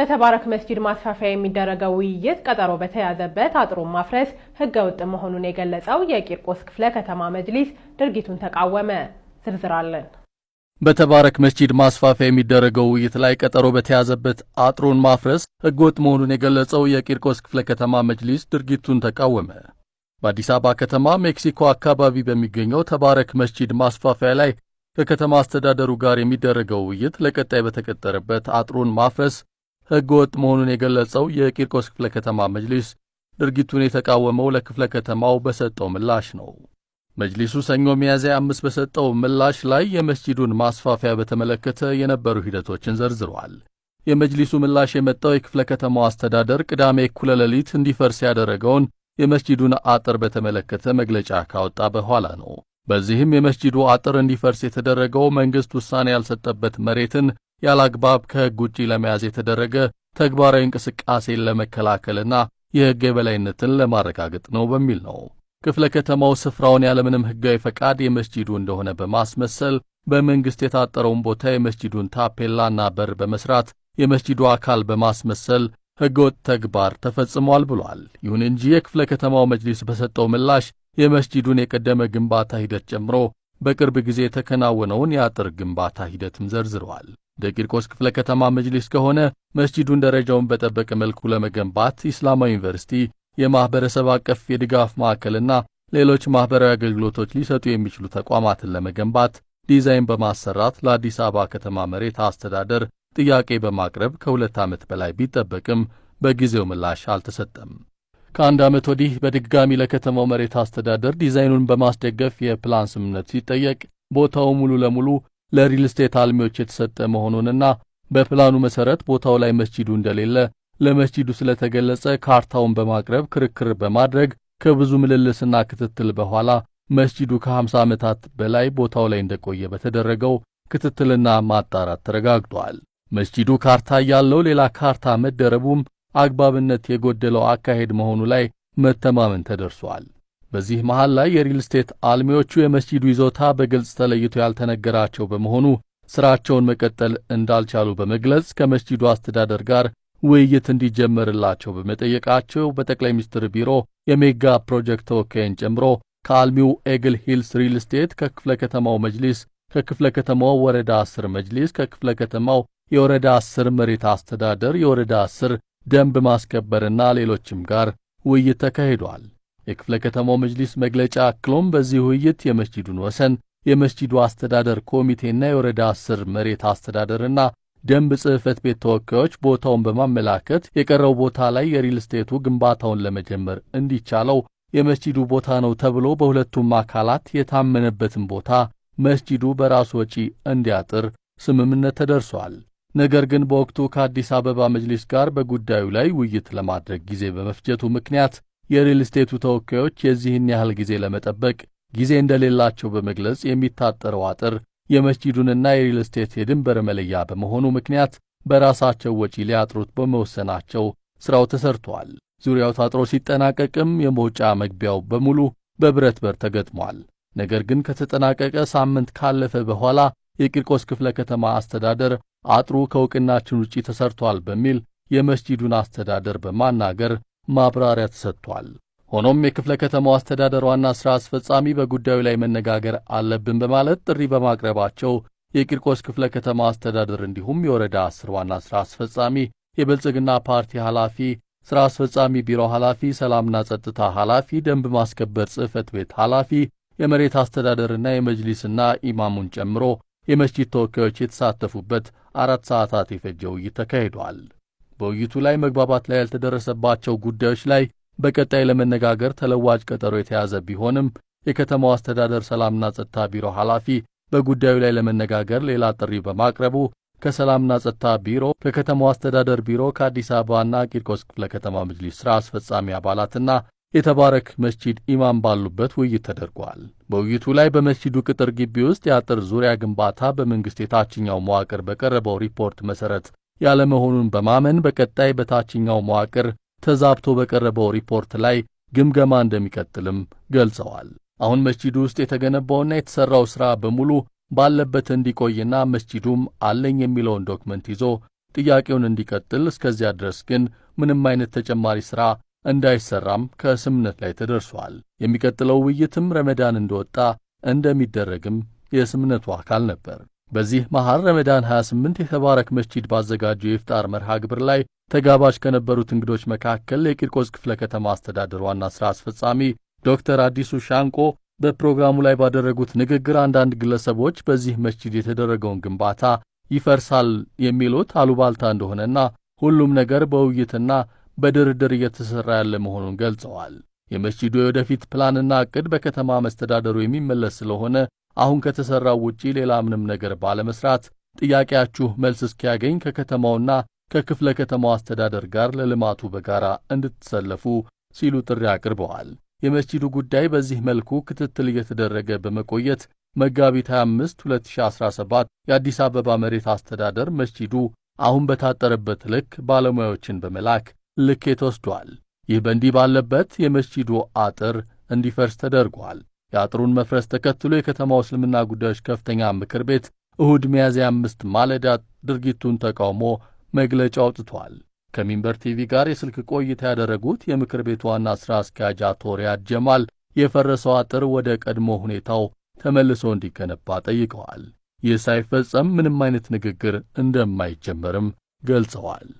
ለተባረክ መስጂድ ማስፋፊያ የሚደረገው ውይይት ቀጠሮ በተያዘበት አጥሩን ማፍረስ ህገ ወጥ መሆኑን የገለጸው የቂርቆስ ክፍለ ከተማ መጅሊስ ድርጊቱን ተቃወመ። ዝርዝር አለን። በተባረክ መስጂድ ማስፋፊያ የሚደረገው ውይይት ላይ ቀጠሮ በተያዘበት አጥሩን ማፍረስ ህገወጥ መሆኑን የገለጸው የቂርቆስ ክፍለ ከተማ መጅሊስ ድርጊቱን ተቃወመ። በአዲስ አበባ ከተማ ሜክሲኮ አካባቢ በሚገኘው ተባረክ መስጂድ ማስፋፊያ ላይ ከከተማ አስተዳደሩ ጋር የሚደረገው ውይይት ለቀጣይ በተቀጠረበት አጥሩን ማፍረስ ሕገ ወጥ መሆኑን የገለጸው የቂርቆስ ክፍለ ከተማ መጅሊስ ድርጊቱን የተቃወመው ለክፍለ ከተማው በሰጠው ምላሽ ነው። መጅሊሱ ሰኞ ሚያዝያ አምስት በሰጠው ምላሽ ላይ የመስጂዱን ማስፋፊያ በተመለከተ የነበሩ ሂደቶችን ዘርዝሯል። የመጅሊሱ ምላሽ የመጣው የክፍለ ከተማው አስተዳደር ቅዳሜ እኩለ ሌሊት እንዲፈርስ ያደረገውን የመስጂዱን አጥር በተመለከተ መግለጫ ካወጣ በኋላ ነው። በዚህም የመስጂዱ አጥር እንዲፈርስ የተደረገው መንግሥት ውሳኔ ያልሰጠበት መሬትን ያላግባብ ከሕግ ውጪ ለመያዝ የተደረገ ተግባራዊ እንቅስቃሴን ለመከላከልና የሕግ የበላይነትን ለማረጋገጥ ነው በሚል ነው። ክፍለ ከተማው ስፍራውን ያለምንም ሕጋዊ ፈቃድ የመስጂዱ እንደሆነ በማስመሰል በመንግሥት የታጠረውን ቦታ የመስጂዱን ታፔላና በር በመስራት የመስጂዱ አካል በማስመሰል ሕገወጥ ተግባር ተፈጽሟል ብሏል። ይሁን እንጂ የክፍለ ከተማው መጅሊስ በሰጠው ምላሽ የመስጂዱን የቀደመ ግንባታ ሂደት ጨምሮ በቅርብ ጊዜ የተከናወነውን የአጥር ግንባታ ሂደትም ዘርዝረዋል። የቂርቆስ ክፍለ ከተማ መጅሊስ ከሆነ መስጂዱን ደረጃውን በጠበቀ መልኩ ለመገንባት ኢስላማዊ ዩኒቨርሲቲ የማህበረሰብ አቀፍ የድጋፍ ማዕከልና ሌሎች ማህበራዊ አገልግሎቶች ሊሰጡ የሚችሉ ተቋማትን ለመገንባት ዲዛይን በማሰራት ለአዲስ አበባ ከተማ መሬት አስተዳደር ጥያቄ በማቅረብ ከሁለት ዓመት በላይ ቢጠበቅም በጊዜው ምላሽ አልተሰጠም። ከአንድ ዓመት ወዲህ በድጋሚ ለከተማው መሬት አስተዳደር ዲዛይኑን በማስደገፍ የፕላን ስምምነት ሲጠየቅ ቦታው ሙሉ ለሙሉ ለሪል ስቴት አልሚዎች የተሰጠ መሆኑንና በፕላኑ መሰረት ቦታው ላይ መስጂዱ እንደሌለ ለመስጂዱ ስለተገለጸ ካርታውን በማቅረብ ክርክር በማድረግ ከብዙ ምልልስና ክትትል በኋላ መስጂዱ ከ50 ዓመታት በላይ ቦታው ላይ እንደቆየ በተደረገው ክትትልና ማጣራት ተረጋግጧል። መስጂዱ ካርታ ያለው ሌላ ካርታ መደረቡም አግባብነት የጎደለው አካሄድ መሆኑ ላይ መተማመን ተደርሷል። በዚህ መሃል ላይ የሪል ስቴት አልሚዎቹ የመስጂዱ ይዞታ በግልጽ ተለይቶ ያልተነገራቸው በመሆኑ ስራቸውን መቀጠል እንዳልቻሉ በመግለጽ ከመስጂዱ አስተዳደር ጋር ውይይት እንዲጀመርላቸው በመጠየቃቸው በጠቅላይ ሚኒስትር ቢሮ የሜጋ ፕሮጀክት ተወካይን ጨምሮ ከአልሚው ኤግል ሂልስ ሪል ስቴት፣ ከክፍለ ከተማው መጅሊስ፣ ከክፍለ ከተማው ወረዳ አስር መጅሊስ፣ ከክፍለ ከተማው የወረዳ አስር መሬት አስተዳደር፣ የወረዳ አስር ደንብ ማስከበርና ሌሎችም ጋር ውይይት ተካሂዷል። የክፍለ ከተማው መጅሊስ መግለጫ አክሎም በዚህ ውይይት የመስጂዱን ወሰን የመስጂዱ አስተዳደር ኮሚቴና የወረዳ አስር መሬት አስተዳደርና ደንብ ጽሕፈት ቤት ተወካዮች ቦታውን በማመላከት የቀረው ቦታ ላይ የሪል ስቴቱ ግንባታውን ለመጀመር እንዲቻለው የመስጂዱ ቦታ ነው ተብሎ በሁለቱም አካላት የታመነበትን ቦታ መስጂዱ በራሱ ወጪ እንዲያጥር ስምምነት ተደርሷል። ነገር ግን በወቅቱ ከአዲስ አበባ መጅሊስ ጋር በጉዳዩ ላይ ውይይት ለማድረግ ጊዜ በመፍጀቱ ምክንያት የሪል ስቴቱ ተወካዮች የዚህን ያህል ጊዜ ለመጠበቅ ጊዜ እንደሌላቸው በመግለጽ የሚታጠረው አጥር የመስጂዱንና የሪል ስቴት የድንበር መለያ በመሆኑ ምክንያት በራሳቸው ወጪ ሊያጥሩት በመወሰናቸው ሥራው ተሰርቷል። ዙሪያው ታጥሮ ሲጠናቀቅም የመውጫ መግቢያው በሙሉ በብረት በር ተገጥሟል። ነገር ግን ከተጠናቀቀ ሳምንት ካለፈ በኋላ የቂርቆስ ክፍለ ከተማ አስተዳደር አጥሩ ከእውቅናችን ውጪ ተሰርቷል በሚል የመስጂዱን አስተዳደር በማናገር ማብራሪያ ተሰጥቷል። ሆኖም የክፍለ ከተማው አስተዳደር ዋና ሥራ አስፈጻሚ በጉዳዩ ላይ መነጋገር አለብን በማለት ጥሪ በማቅረባቸው የቂርቆስ ክፍለ ከተማ አስተዳደር እንዲሁም የወረዳ አስር ዋና ሥራ አስፈጻሚ፣ የብልጽግና ፓርቲ ኃላፊ፣ ሥራ አስፈጻሚ ቢሮ ኃላፊ፣ ሰላምና ጸጥታ ኃላፊ፣ ደንብ ማስከበር ጽሕፈት ቤት ኃላፊ፣ የመሬት አስተዳደርና የመጅሊስና ኢማሙን ጨምሮ የመስጂድ ተወካዮች የተሳተፉበት አራት ሰዓታት የፈጀ ውይይት ተካሂዷል። በውይይቱ ላይ መግባባት ላይ ያልተደረሰባቸው ጉዳዮች ላይ በቀጣይ ለመነጋገር ተለዋጭ ቀጠሮ የተያዘ ቢሆንም የከተማው አስተዳደር ሰላምና ጸጥታ ቢሮ ኃላፊ በጉዳዩ ላይ ለመነጋገር ሌላ ጥሪ በማቅረቡ ከሰላምና ጸጥታ ቢሮ፣ ከከተማው አስተዳደር ቢሮ፣ ከአዲስ አበባና ቂርቆስ ክፍለ ከተማ መጅሊስ ሥራ አስፈጻሚ አባላትና የተባረክ መስጂድ ኢማም ባሉበት ውይይት ተደርጓል። በውይይቱ ላይ በመስጂዱ ቅጥር ግቢ ውስጥ የአጥር ዙሪያ ግንባታ በመንግሥት የታችኛው መዋቅር በቀረበው ሪፖርት መሠረት ያለመሆኑን በማመን በቀጣይ በታችኛው መዋቅር ተዛብቶ በቀረበው ሪፖርት ላይ ግምገማ እንደሚቀጥልም ገልጸዋል። አሁን መስጂዱ ውስጥ የተገነባውና የተሰራው ሥራ በሙሉ ባለበት እንዲቆይና መስጂዱም አለኝ የሚለውን ዶክመንት ይዞ ጥያቄውን እንዲቀጥል፣ እስከዚያ ድረስ ግን ምንም አይነት ተጨማሪ ሥራ እንዳይሰራም ከስምነት ላይ ተደርሷል። የሚቀጥለው ውይይትም ረመዳን እንደወጣ እንደሚደረግም የስምነቱ አካል ነበር። በዚህ መሐር ረመዳን 28 የተባረክ መስጂድ ባዘጋጀው የፍጣር መርሃ ግብር ላይ ተጋባዥ ከነበሩት እንግዶች መካከል የቂርቆስ ክፍለ ከተማ አስተዳደር ዋና ሥራ አስፈጻሚ ዶክተር አዲሱ ሻንቆ በፕሮግራሙ ላይ ባደረጉት ንግግር አንዳንድ ግለሰቦች በዚህ መስጂድ የተደረገውን ግንባታ ይፈርሳል የሚሉት አሉባልታ እንደሆነና ሁሉም ነገር በውይይትና በድርድር እየተሠራ ያለ መሆኑን ገልጸዋል። የመስጂዱ የወደፊት ፕላንና ዕቅድ በከተማ መስተዳደሩ የሚመለስ ስለሆነ አሁን ከተሠራው ውጪ ሌላ ምንም ነገር ባለመስራት ጥያቄያችሁ መልስ እስኪያገኝ ከከተማውና ከክፍለ ከተማው አስተዳደር ጋር ለልማቱ በጋራ እንድትሰለፉ ሲሉ ጥሪ አቅርበዋል። የመስጂዱ ጉዳይ በዚህ መልኩ ክትትል እየተደረገ በመቆየት መጋቢት 25 2017 የአዲስ አበባ መሬት አስተዳደር መስጂዱ አሁን በታጠረበት ልክ ባለሙያዎችን በመላክ ልኬት ወስዷል። ይህ በእንዲህ ባለበት የመስጂዱ አጥር እንዲፈርስ ተደርጓል። የአጥሩን መፍረስ ተከትሎ የከተማው እስልምና ጉዳዮች ከፍተኛ ምክር ቤት እሁድ ሚያዝያ አምስት ማለዳ ድርጊቱን ተቃውሞ መግለጫ አውጥቷል። ከሚንበር ቲቪ ጋር የስልክ ቆይታ ያደረጉት የምክር ቤቱ ዋና ሥራ አስኪያጅ አቶ ሪያድ ጀማል የፈረሰው አጥር ወደ ቀድሞ ሁኔታው ተመልሶ እንዲገነባ ጠይቀዋል። ይህ ሳይፈጸም ምንም አይነት ንግግር እንደማይጀመርም ገልጸዋል።